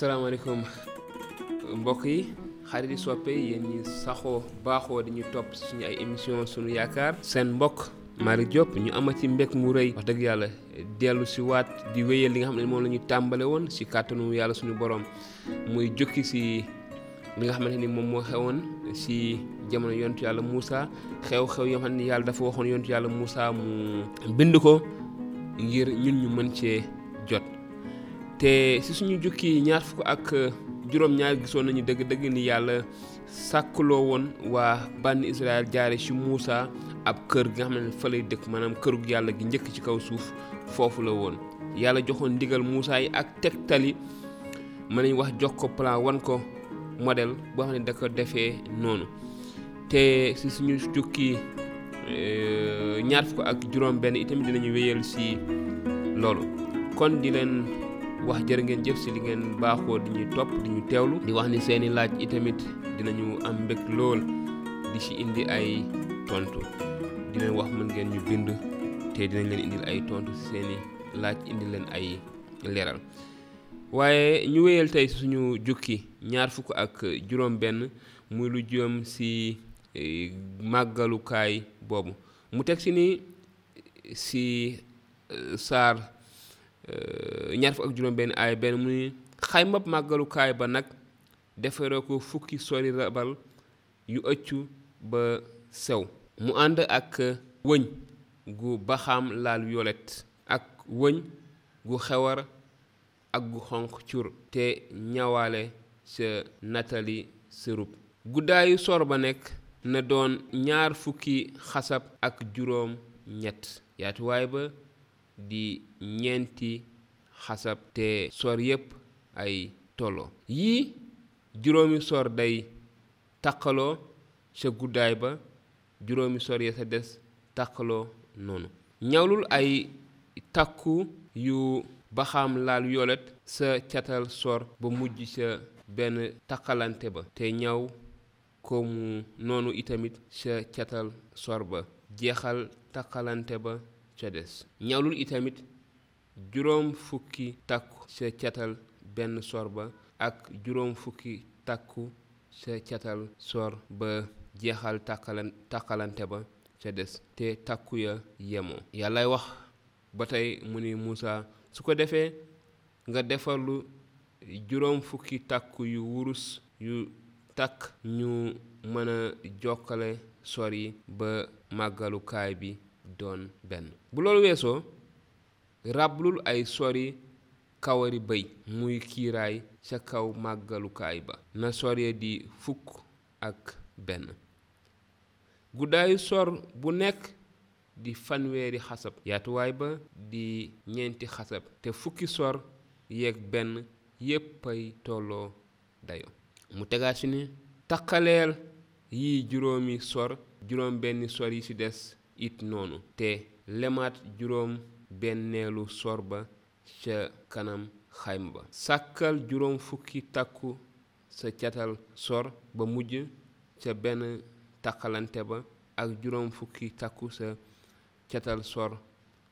salaamaaleykum mbokk yi xarit yi soppe yéen ñi saxoo baaxoo dañuy topp suñu ay émission suñu yaakaar seen mbokk Mari Diop ñu ci mbek mu rëy wax dëgg yàlla dellu si waat di wéyal li nga xam ne moom la ñu tàmbale woon si kàttanu yàlla suñu borom muy jukki si li nga xamante ni moom moo xewoon si jamono yontu yàlla Moussa xew-xew yoo xam ne yàlla dafa waxoon yontu yàlla Moussa mu bind ko ngir ñun ñu mën cee jot te si suñu jukki ñaar fukk ak juróom ñaar gisoon nañu dëgg dëgg ni yàlla sàkkloo woon waa ban israel jaare ci muusa ab kër gi nga xam ne fa lay dëkk maanaam kërug yàlla gi njëkk ci kaw suuf foofu la woon yàlla joxoon ndigal muusa yi ak tegtali mën nañ wax jox ko plan wan ko model boo xam ne da ko defee noonu te si suñu jukki euh, ñaar fukk ak juróom benn itamit dinañu wéyal si loolu kon di leen wax jërë ngeen jëf si li ngeen baaxoo di ñu topp di ñu teewlu di wax ni seeni laaj itamit dinañu am mbég lool di si indi ay tontu dinañ wax mën ngeen ñu bind te dinañ leen indil ay tontu si seeni laaj indi leen ay leeral waaye ñu wéyal tey suñu jukki ñaar fukk ak juróom benn muy lu jëm si e, màggalukaay boobu mu teg si ni si e, saar Euh, ñaar fukk ak juróom-benn aaya benn mu ni xaymab màggalukaay ba nag defaree ko fukki sori rabal yu ëcc ba sew mu ànd ak wëñ gu baxaam laal violet ak wëñ gu xewar ak gu xonq cur te ñawaale sa natali sërub guddaayu sor ba nekk na doon ñaar fukki xasab ak juróom ñett yaatuwaay ba di ñeenti xasab te sor yépp ay tolo yii juróomi sor day taqaloo ca guddaay ba juróomi sor ya sa des taqaloo noonu ñawlul ay takku yu baxaam laal yolet sa catal sor ba mujj sa benn takkalante ba te ñaw ko mu noonu itamit sa catal sor ba jeexal takkalante ba ca des ñawlul itamit juróom fukki takku sa catal benn sor ba ak juróom fukki takku sa catal sor ba jeexal tàkkalan ba ca des te takku ya yemoo yàllay wax ba tey mu ni Muusa su ko defee nga defarlu juróom fukki takku yu wurus yu takk ñu mën a jokkale sor yi ba màggalukaay bi doon benn bu loolu weesoo rablul ay sori kawari bëy muy kiiraay ca kaw màggalukaay ba na soree di fukk ak benn guddaayu sor bu nekk di fanweeri xasab yaatuwaay ba di ñeenti xasab te fukki sor yeeg benn yéppay tolloo dayo mu tegaat si ne takkaleel yii juróomi sor juróom benn sor yi des it nonu te lemat juróom benelu sorba ca kanam xayma sakal jurom fuki fukki takku sa catal sor ba mujj ca takalan teba. ba ak jurom fukki takku sa catal sor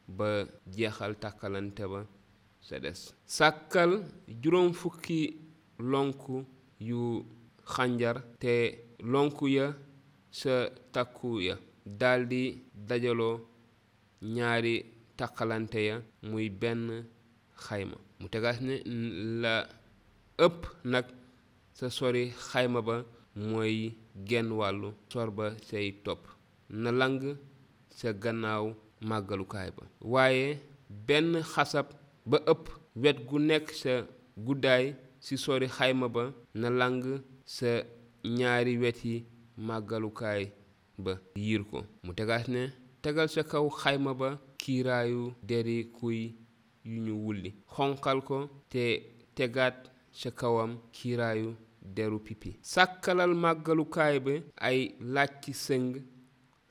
ba jeexal takalante ba sa dess sakal jurom fukki lonku yu xanjar te lonku ya sa takku ya daldi dajaloo ñaari taqalante ya muy benn xayma mu tegaas ne la ëpp nag sa sori xayma ba mooy genn wàllu sor ba say topp na lang sa gannaaw màggalukaay ba waaye benn xasab ba ëpp wet gu nekk sa guddaay ci sori xayma ba na lang sa ñaari weti màggalukaay ba yiir ko mu tegaat ne tegal ca kaw xayma ba kiiraayu deri kuy yu ñu wulli xonqal ko te tegaat sa kawam kiiraayu deru pipi sàkkalal màggalukaay bi ay làcc sëng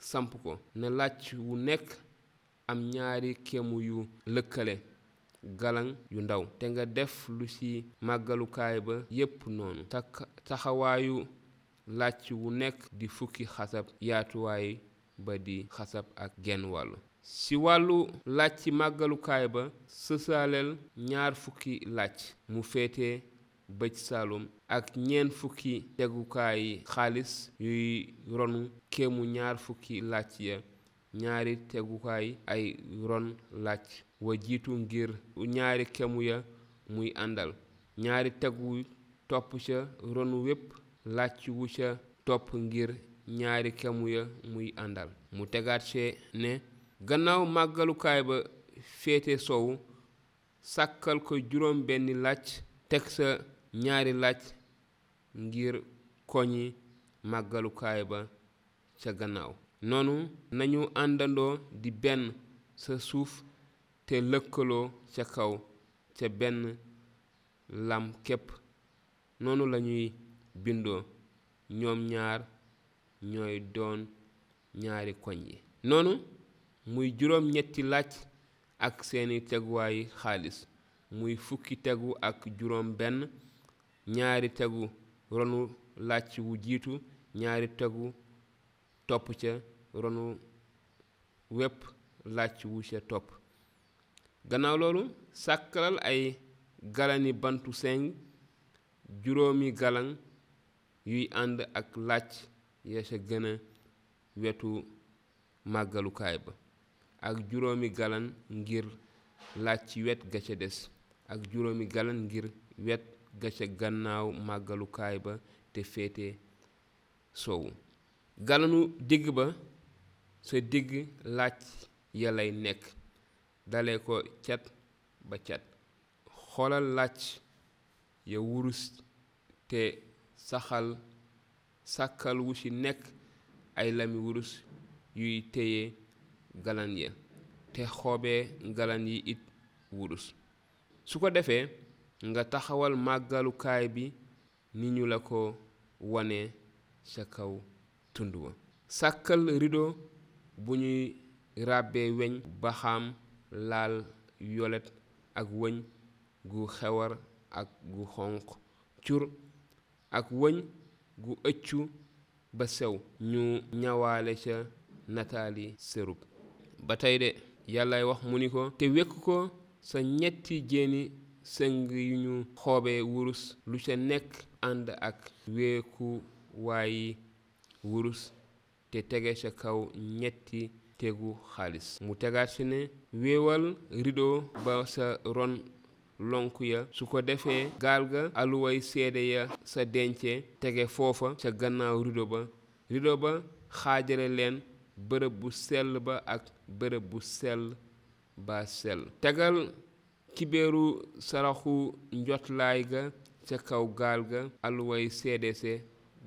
samp ko na làcc wu nekk am ñaari kemu yu lëkkale galan yu ndaw te nga def lu ci màggalukaay ba yépp noonu taxawaayu làcc wu nekk di fukki xasab yaatuwaay ba di xasab ak genn wàllu ci wàllu làcc màggalukaay ba sësaaleel ñaar fukki làcc mu féete bëj saalum ak ñeent fukki tegukaay xaalis yuy ronu kéemu ñaar fukki làcc ya ñaari tegukaay ay ron làcc wa jiitu ngir ñaari kemu ya muy àndal ñaari tegu topp ca ronu wépp làcc wu ca topp ngir ñaari kemu ya muy àndal mu tegaat ne gannaaw màggalukaay ba féete sowu sàkkal ko juróom benni làcc teg sa ñaari làcc ngir koñi màggalukaay ba ca gannaaw noonu nañu àndandoo di benn sa suuf te lëkkaloo ca kaw ca benn lam képp noonu lañuy bindoo ñoom ñaar ñooy doon ñaari koñ yi noonu muy juróom ñetti laaj ak seeni teguwaayi xaalis muy fukki tegu ak juróom benn ñaari tegu ronu laaj wu jiitu ñaari tegu topp ca ronu wépp laaj wu ca topp gannaaw loolu sàkkalal ay galani bantu seng juróomi galan yuy ànd ak laaj ya ca gëna wetu màggalukaay ba ak juróomi galan ngir laaj ci wet ga ca des ak juróomi galan ngir wet ga ca gannaaw màggalukaay ba te féete soowu galanu digg ba sa digg laaj ya lay nekk dale ko cat ba cat xoolal laaj ya wurus te saxal sàkkal wu ci nekk ay lami wurus yuy teye galan ya te xoobee galan yi it wurus su ko defee nga taxawal màggalukaay bi ni ñu la ko wane ca kaw tund wa sàkkal rido bu ñuy ràbbee weñ baxaam laal yolet ak wëñ gu xewar ak gu xonq cur ak wëñ gu ëccu ba sew ñu ñawaale ca nataali sërub ba tey de yàllaay wax mu ni ko te wekk ko sa ñetti jéeni sëng yu ñu xoobee wurus lu ca nekk ànd ak wéeku waayi wurus te tege ca kaw ñetti tegu xaalis mu tegaat ci ne wéewal rideau ba sa ron lonk ya su ko defee gaal ga aluway seede ya sa dencee tege foofa ca gannaaw rido ba rido ba xaajale leen bërëb bu sell ba ak bërëb bu sell ba sell tegal kibéeru saraxu njotlaay ga ca kaw gaal ga aluway seede se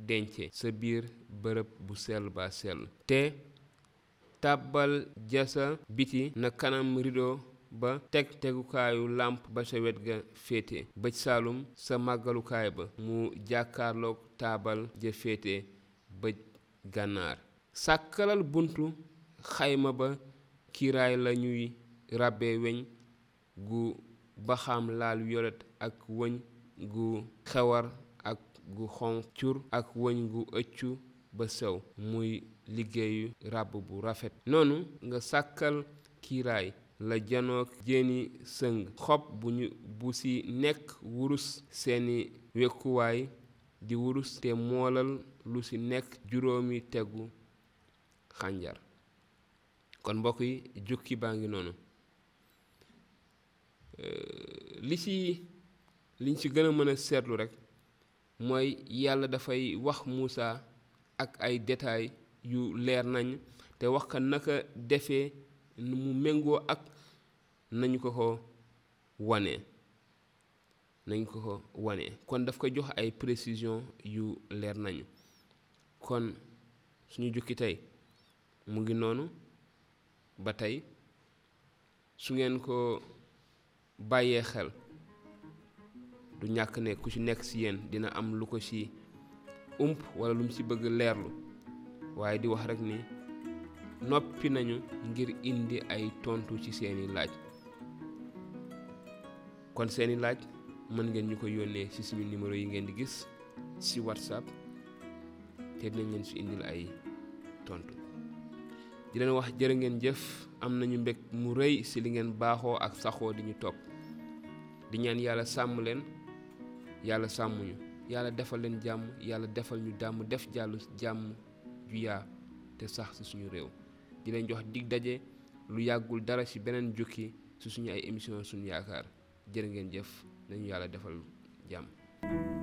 dence sa biir bërëb bu sell ba sell te tàbbal jasa biti na kanam rido ba teg tegukaayu làmp ba sa wet ga féete bëj saalum sa màggalukaay ba mu jàkkaarloog taabal ja féete bëj gànnaar sàkkalal buntu xayma ba kiiraay lañuy ñuy weñ gu baxaam laal yolet ak wëñ gu xewar ak gu xonq cur ak wëñ gu ëccu ba sew muy liggéeyu ràbb bu rafet noonu nga sàkkal kiiraay la janook jéeni sëng xob bu ñu bu ci nekk wurus seeni wekkuwaay di wurus te moolal lu ci nekk juróomi tegu xànjar kon mbokk yi jukki baa ngi noonu li ci liñ ci gën a mën a seetlu rekk mooy yàlla dafay wax Muusa ak ay detaay yu leer nañu te wax ko naka defee nu mu méngoo ak nañu ko ko wane nañ ko ko wane kon daf ko jox ay précision yu leer nañu kon suñu jukki tey mu ngi noonu ba tey su ngeen ko bàyyee xel du ñàkk ne ku ci nekk si yéen dina am lu ko ci ump wala lu mu ci bëgg leerlu waaye di wax rek ni noppi nañu ngir indi ay tontu ci seeni laaj kon seeni laaj mën ngeen ñu ko yónnee ci suñu numéro yi ngeen di gis ci whatsapp te dinañ leen ci indil ay tontu di leen wax jërë ngeen jëf am nañu mbég mu rëy ci li ngeen baaxoo ak saxoo di ñu topp di ñaan yàlla sàmm leen yàlla sàmm ñu yàlla defal leen jàmm yàlla defal ñu dàmm def jàllu jàmm ju yaa te sax ci suñu réew di leen jox dig daje lu yàggul dara ci beneen jukki su suñu ay émission suñu yaakaar jërë ngeen jëf nañu yàlla defal jàmm